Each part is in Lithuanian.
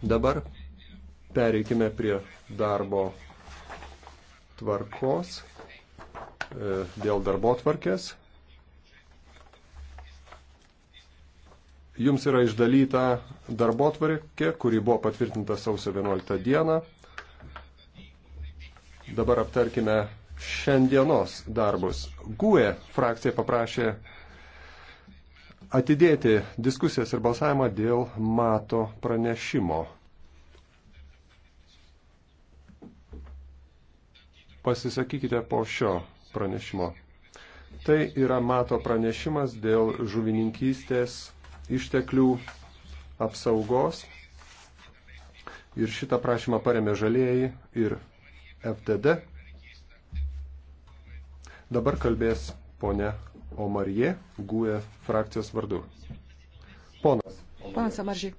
Dabar pereikime prie darbo tvarkos, e, dėl darbo tvarkės. Jums yra išdalyta darbo tvarkė, kuri buvo patvirtinta sausio 11 dieną. Dabar aptarkime šiandienos darbus. GUE frakcija paprašė atidėti diskusijas ir balsavimą dėl mato pranešimo. Pasisakykite po šio pranešimo. Tai yra mato pranešimas dėl žuvininkystės išteklių apsaugos. Ir šitą prašymą paremė žalieji ir FTD. Dabar kalbės ponia Omarie Gue frakcijos vardu. Ponas. Ponas Amaržiai.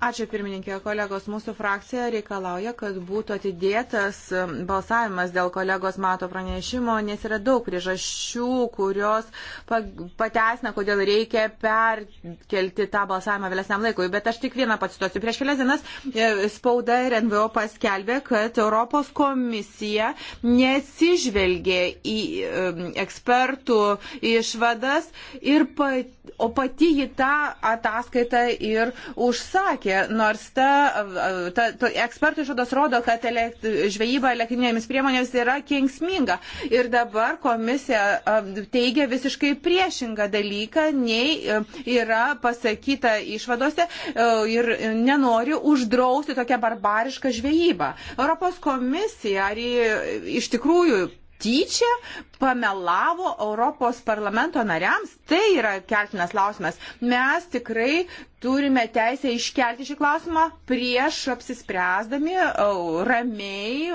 Ačiū pirmininkė, kolegos. Mūsų frakcija reikalauja, kad būtų atidėtas um, balsavimas dėl kolegos mato pranešimo, nes yra daug priežasčių, kurios pateisina, kodėl reikia perkelti tą balsavimą vėlesniam laikui. Bet aš tik vieną pacituosiu. Prieš kelias dienas e, spauda ir NVO paskelbė, kad Europos komisija nesižvelgė į um, ekspertų išvadas, ir pat, o pati į tą ataskaitą ir užsakė pasakė, nors ta, ta, ta ekspertų išvados rodo, kad elekt, žvejyba elektrinėmis priemonėmis yra kengsminga. Ir dabar komisija um, teigia visiškai priešingą dalyką, nei um, yra pasakyta išvadose uh, ir nenori uždrausti tokią barbarišką žvejybą. Europos komisija ar iš tikrųjų tyčia pamelavo Europos parlamento nariams, tai yra keltinas klausimas. Mes tikrai turime teisę iškelti šį klausimą prieš apsispręsdami ramiai,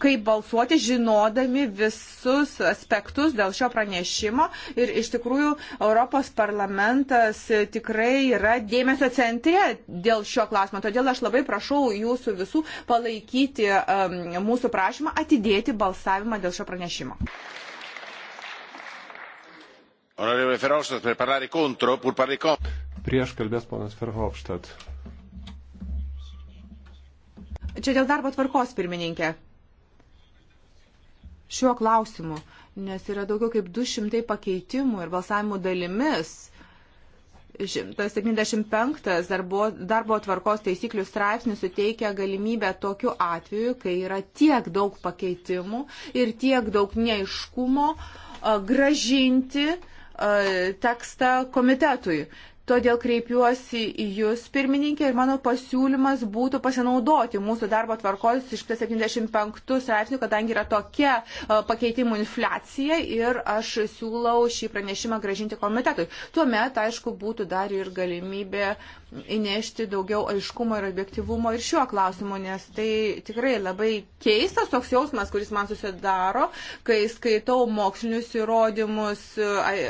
kaip balsuoti, žinodami visus aspektus dėl šio pranešimo. Ir iš tikrųjų Europos parlamentas tikrai yra dėmesio centre dėl šio klausimo. Todėl aš labai prašau jūsų visų palaikyti um, mūsų prašymą atidėti balsavimą dėl šio pranešimo. Honorevole Ferhofstadt, per parlare contro, pur parlare contro. Prieš kalbės ponas Ferhofstadt. Čia dėl darbo tvarkos, pirmininkė. Šiuo klausimu, nes yra daugiau kaip 200 pakeitimų ir balsavimų dalimis. 175 darbo, darbo tvarkos taisyklių straipsnis suteikia galimybę tokiu atveju, kai yra tiek daug pakeitimų ir tiek daug neiškumo gražinti uh, E, tekstą komitetui. Todėl kreipiuosi į Jūs, pirmininkė, ir mano pasiūlymas būtų pasinaudoti mūsų darbo tvarkos iš 75 straipsnių, kadangi yra tokia e, pakeitimų infliacija ir aš siūlau šį pranešimą gražinti komitetui. Tuomet, aišku, būtų dar ir galimybė uh, įnešti daugiau aiškumo ir objektivumo ir šiuo klausimu, nes tai tikrai labai keistas toks jausmas, kuris man susidaro, kai skaitau mokslinius įrodymus e,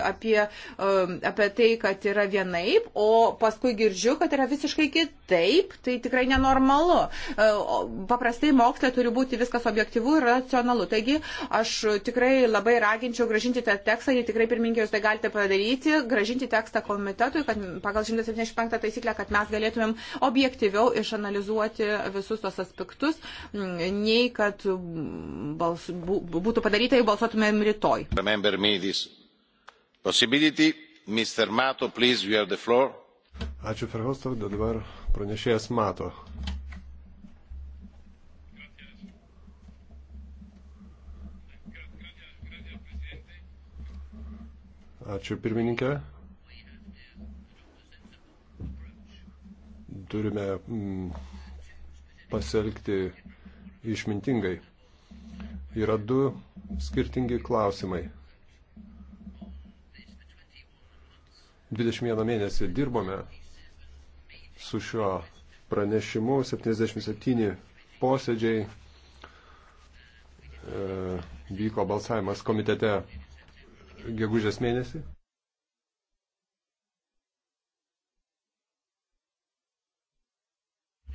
apie, e, apie tai, kad yra vienaip, o paskui girdžiu, kad yra visiškai kitaip, tai tikrai nenormalu. E, paprastai mokslė turi būti viskas objektivu ir racionalu. Taigi aš tikrai labai raginčiau gražinti tą tekstą, jei tikrai pirmininkai jūs tai galite padaryti, gražinti tekstą komitetui, kad pagal 175 taisyklę galimybę, kad mes galėtumėm objektyviau išanalizuoti visus tos aspektus, nei kad bals, būtų padaryta, jei balsuotumėm rytoj. Mr. Mato, please, you have the floor. Ačiū Ferhostov, dabar pranešėjas Mato. Ačiū pirmininkė, turime mm, pasielgti išmintingai. Yra du skirtingi klausimai. 21 mėnesį dirbome su šiuo pranešimu, 77 posėdžiai, e, vyko balsavimas komitete gegužės mėnesį.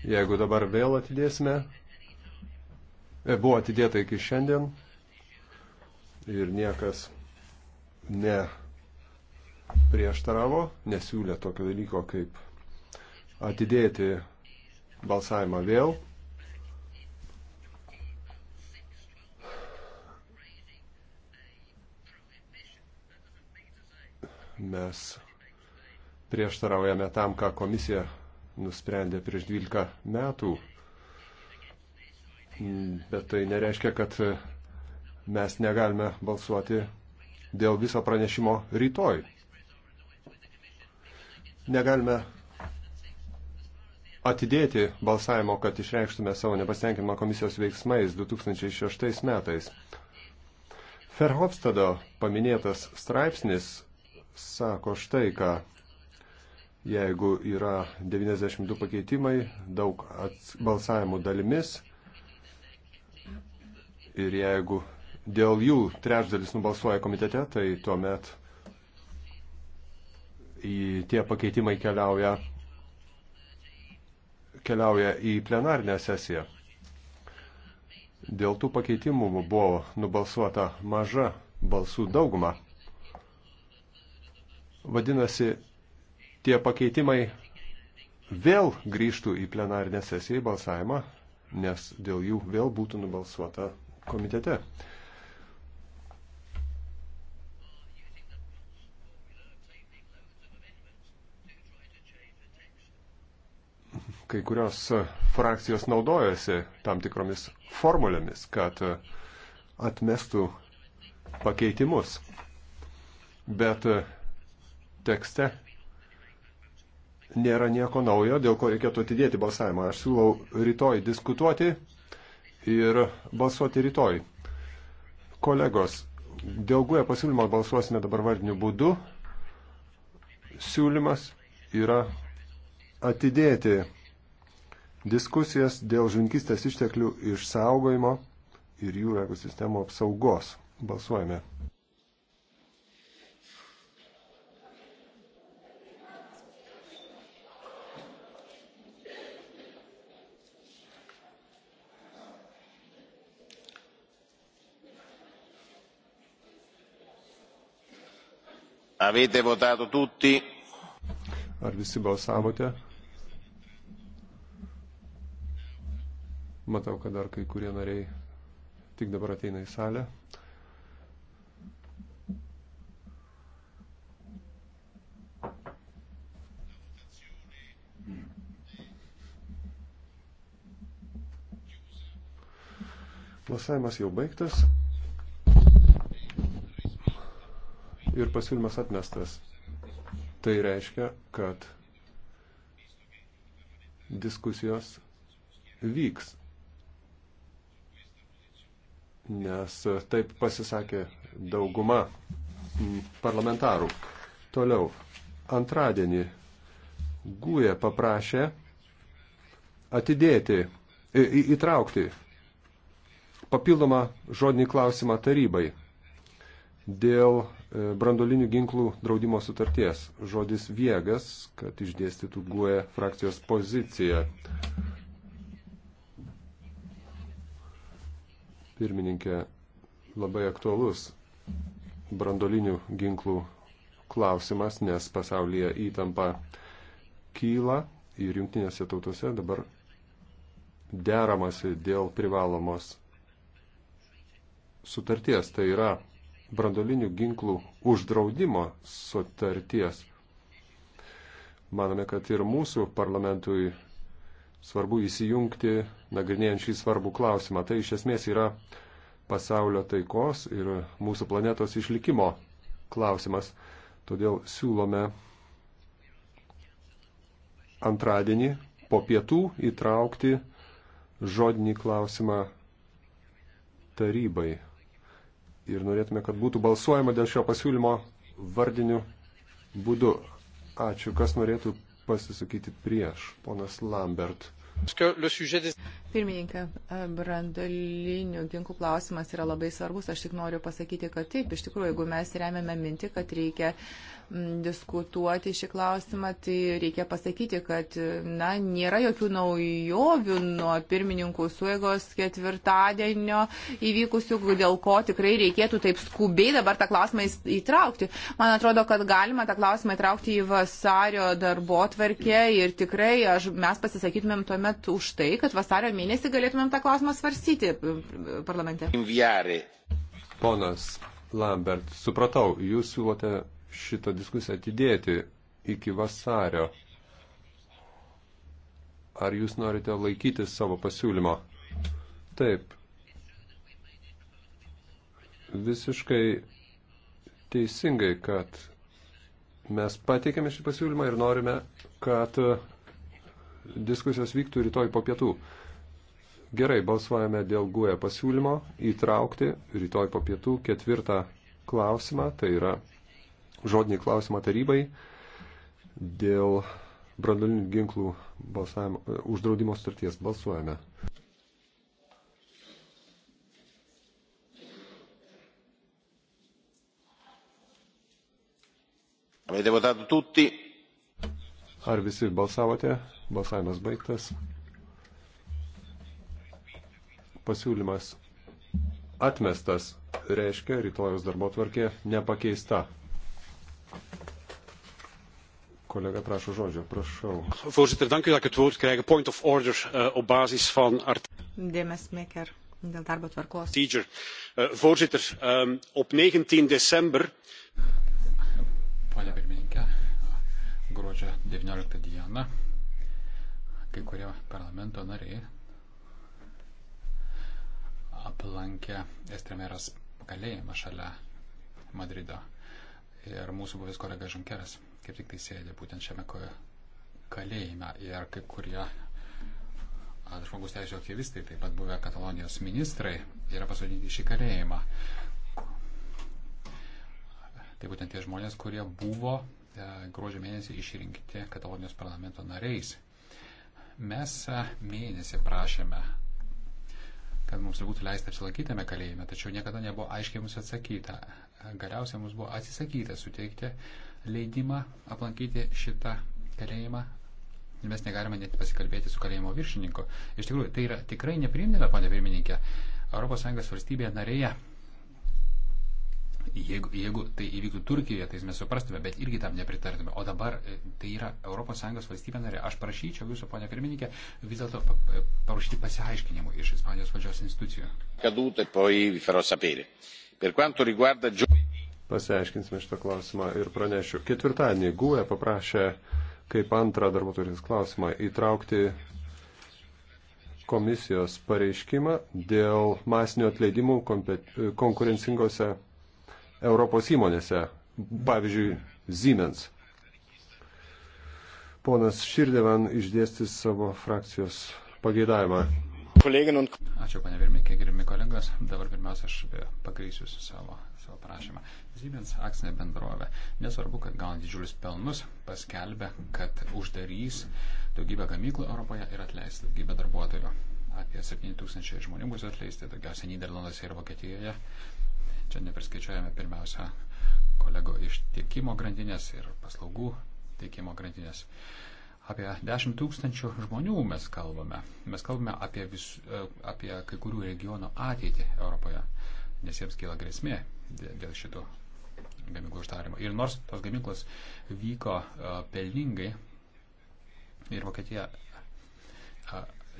Jeigu dabar vėl atidėsime, e, buvo atidėta iki šiandien ir niekas ne prieštaravo, nesiūlė tokio dalyko kaip atidėti balsavimą vėl. Mes prieštaraujame tam, ką komisija nusprendę prieš 12 metų. Bet tai nereiškia, kad mes negalime balsuoti dėl viso pranešimo rytoj. Negalime atidėti balsavimo, kad išreikštume savo nepastenkinimą komisijos veiksmais 2006 metais. Ferhofstado paminėtas straipsnis sako štai ką. Jeigu yra 92 pakeitimai, daug balsavimų dalimis ir jeigu dėl jų trečdalis nubalsuoja komitete, tai tuomet į tie pakeitimai keliauja, keliauja į plenarinę sesiją. Dėl tų pakeitimų buvo nubalsuota maža balsų dauguma. Vadinasi, tie pakeitimai vėl grįžtų į plenarinę sesiją į balsavimą, nes dėl jų vėl būtų nubalsuota komitete. kai kurios frakcijos naudojasi tam tikromis formulėmis, kad atmestų pakeitimus. Bet tekste nėra nieko naujo, dėl ko reikėtų atidėti balsavimą. Aš siūlau rytoj diskutuoti ir balsuoti rytoj. Kolegos, dėl guoja e pasiūlymo balsuosime dabar vardiniu būdu. Siūlymas yra atidėti diskusijas dėl žvinkistės išteklių išsaugojimo ir jų ekosistemų apsaugos. Balsuojame. Avete votato tutti? Ar visi balsavote? Matau, kad dar kai kurie nariai tik dabar ateina į salę. Balsavimas jau baigtas. ir pasiūlymas atmestas. Tai reiškia, kad diskusijos vyks, nes taip pasisakė dauguma parlamentarų. Toliau, antradienį Gūja paprašė atidėti, į, įtraukti papildomą žodinį klausimą tarybai dėl e, brandolinių ginklų draudimo sutarties. Žodis viegas, kad išdėstytų guoja e frakcijos poziciją. Pirmininkė, labai aktualus brandolinių ginklų klausimas, nes pasaulyje įtampa kyla ir jungtinėse tautose dabar deramasi dėl privalomos sutarties. Tai yra brandolinių ginklų uždraudimo sutarties. Manome, kad ir mūsų parlamentui svarbu įsijungti, nagrinėjant šį svarbų klausimą. Tai iš esmės yra pasaulio taikos ir mūsų planetos išlikimo klausimas. Todėl siūlome antradienį po pietų įtraukti žodinį klausimą tarybai ir norėtume, kad būtų balsuojama dėl šio pasiūlymo vardiniu būdu. Ačiū, kas norėtų pasisakyti prieš, ponas Lambert. Pirmininkė, e, brandalinių ginklų klausimas yra labai svarbus. Aš tik noriu pasakyti, kad taip, iš tikrųjų, jeigu mes remiame mintį, kad reikia m, diskutuoti šį klausimą, tai reikia pasakyti, kad na, nėra jokių naujovių nuo pirmininkų suėgos ketvirtadienio įvykusių, dėl ko tikrai reikėtų taip skubiai dabar tą klausimą įtraukti. Man atrodo, kad galima tą klausimą įtraukti į vasario darbo tvarkę ir tikrai aš, mes pasisakytumėm tuomet tuomet už tai, kad vasario mėnesį galėtumėm tą klausimą svarstyti parlamente. Ponas Lambert, supratau, jūs siūlote šitą diskusiją atidėti iki vasario. Ar jūs norite laikytis savo pasiūlymo? Taip. Visiškai teisingai, kad mes pateikėme šį pasiūlymą ir norime, kad diskusijos vyktų rytoj po pietų. Gerai, balsuojame dėl GUE pasiūlymo įtraukti rytoj po pietų ketvirtą klausimą, tai yra žodinį klausimą tarybai dėl brandolinių ginklų balsavimo, uždraudimo sutarties. Balsuojame. Avete votato tutti? Ar visi balsavote? Balsavimas baigtas. Pasiūlymas atmestas, reiškia rytojus darbo tvarkė nepakeista. Collega, prašau žodžio, prašau. Voorzitter, dank u dat ik het woord krijg. Point of order uh, op basis van artikel. Dėl darbo tvarkos. Procedure. Uh, voorzitter, um, op 19 december 19 dieną kai kurie parlamento nariai aplankė Estremeras kalėjimą šalia Madrido. Ir mūsų buvęs kolega Žunkeras kaip tik tai sėdė būtent šiame kalėjime. Ir kai kurie žmogus teisų aktyvistai, taip pat buvę Katalonijos ministrai, yra pasodinti šį kalėjimą. Tai būtent tie žmonės, kurie buvo gruodžio mėnesį išrinkti Katalonijos parlamento nariais. Mes mėnesį prašėme, kad mums būtų leista apsilankytame kalėjime, tačiau niekada nebuvo aiškiai mums atsakyta. Galiausiai mums buvo atsisakyta suteikti leidimą aplankyti šitą kalėjimą. Mes negalime net pasikalbėti su kalėjimo viršininku. Iš tikrųjų, tai yra tikrai neprimtina, ponė pirmininkė, ES valstybėje narėje Jeigu, jeigu tai įvyktų Turkijoje, tai mes suprastume, bet irgi tam nepritartume. O dabar e, tai yra ES valstybė narė. Aš prašyčiau jūsų, ponia pirmininkė, vis dėlto e, paruošti pasiaiškinimų iš Ispanijos valdžios institucijų. Kadūtai, e poi vi farò sapere. Per quanto riguarda pasiaiškinsime šitą klausimą ir pranešiu. Ketvirtadienį GUE paprašė kaip antrą darbo turės klausimą įtraukti komisijos pareiškimą dėl masinio atleidimų konkurencingose Europos įmonėse, pavyzdžiui, Siemens. Ponas Širdevan išdėstys savo frakcijos pageidavimą. Ačiū, panė Virmikė, gerimi kolegos. Dabar pirmiausia, aš pakreisiu savo, savo prašymą. Siemens akcinė bendrovė. Nesvarbu, kad gauna didžiulius pelnus, paskelbė, kad uždarys daugybę gamyklų Europoje ir atleis daugybę darbuotojų. Apie 7000 žmonių bus atleisti, daugiausiai Niderlanduose ir Vokietijoje. Čia nepriskaičiuojame pirmiausia kolego iš tiekimo grandinės ir paslaugų teikimo grandinės. Apie 10 tūkstančių žmonių mes kalbame. Mes kalbame apie, vis, e, apie kai kurių regionų ateitį Europoje, nes jiems kyla grėsmė dėl šito gamyklų uždarimo. Ir nors tos gamyklos vyko e, pelningai ir Vokietija,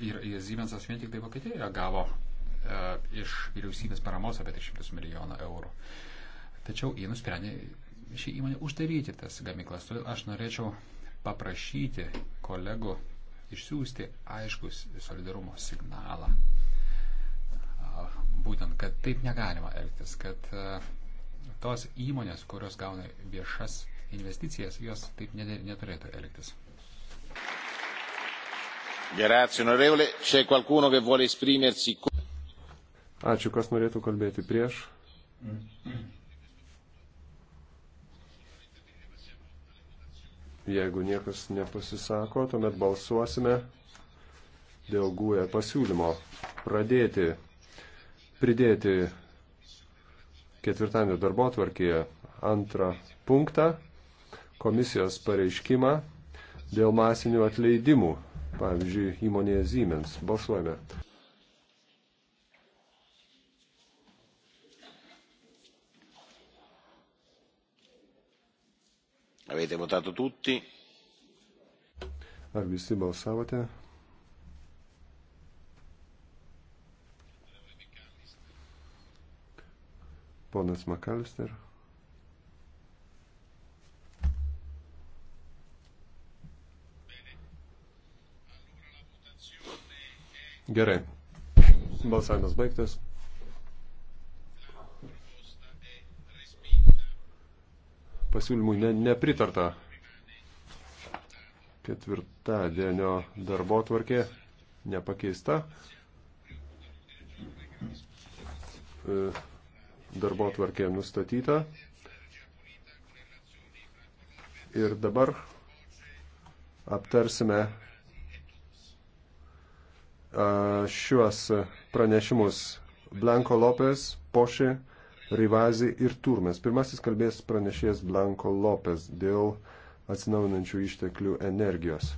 ir, ir Siemensas vien tik tai Vokietijoje gavo E, iš vyriausybės paramos apie 300 milijonų eurų. Tačiau jie nusprendė šį įmonę uždaryti tas gamyklas. Todėl aš norėčiau paprašyti kolegų išsiųsti aiškus solidarumo signalą. Būtent, kad taip negalima elgtis, kad e, tos įmonės, kurios gauna viešas investicijas, jos taip neturėtų elgtis. Grazie onorevole, c'è qualcuno che vuole esprimersi? Ačiū, kas norėtų kalbėti prieš. Jeigu niekas nepasisako, tuomet balsuosime dėl guoja pasiūlymo pradėti, pridėti ketvirtadienio darbo tvarkyje antrą punktą komisijos pareiškimą dėl masinių atleidimų, pavyzdžiui, įmonėje Siemens. Balsuojame. Avete votato tutti? Ar visi balsavote? Ponas Makalister. Gerai. Balsavimas baigtas. pasiūlymui ne, nepritarta. Ketvirtadienio darbo tvarkė nepakeista. E, darbo tvarkė nustatyta. Ir dabar aptarsime e, šiuos pranešimus Blanko Lopes, Poši, Rivazį ir Turmes. Pirmasis kalbės pranešės Blanko Lopes dėl atsinaujinančių išteklių energijos.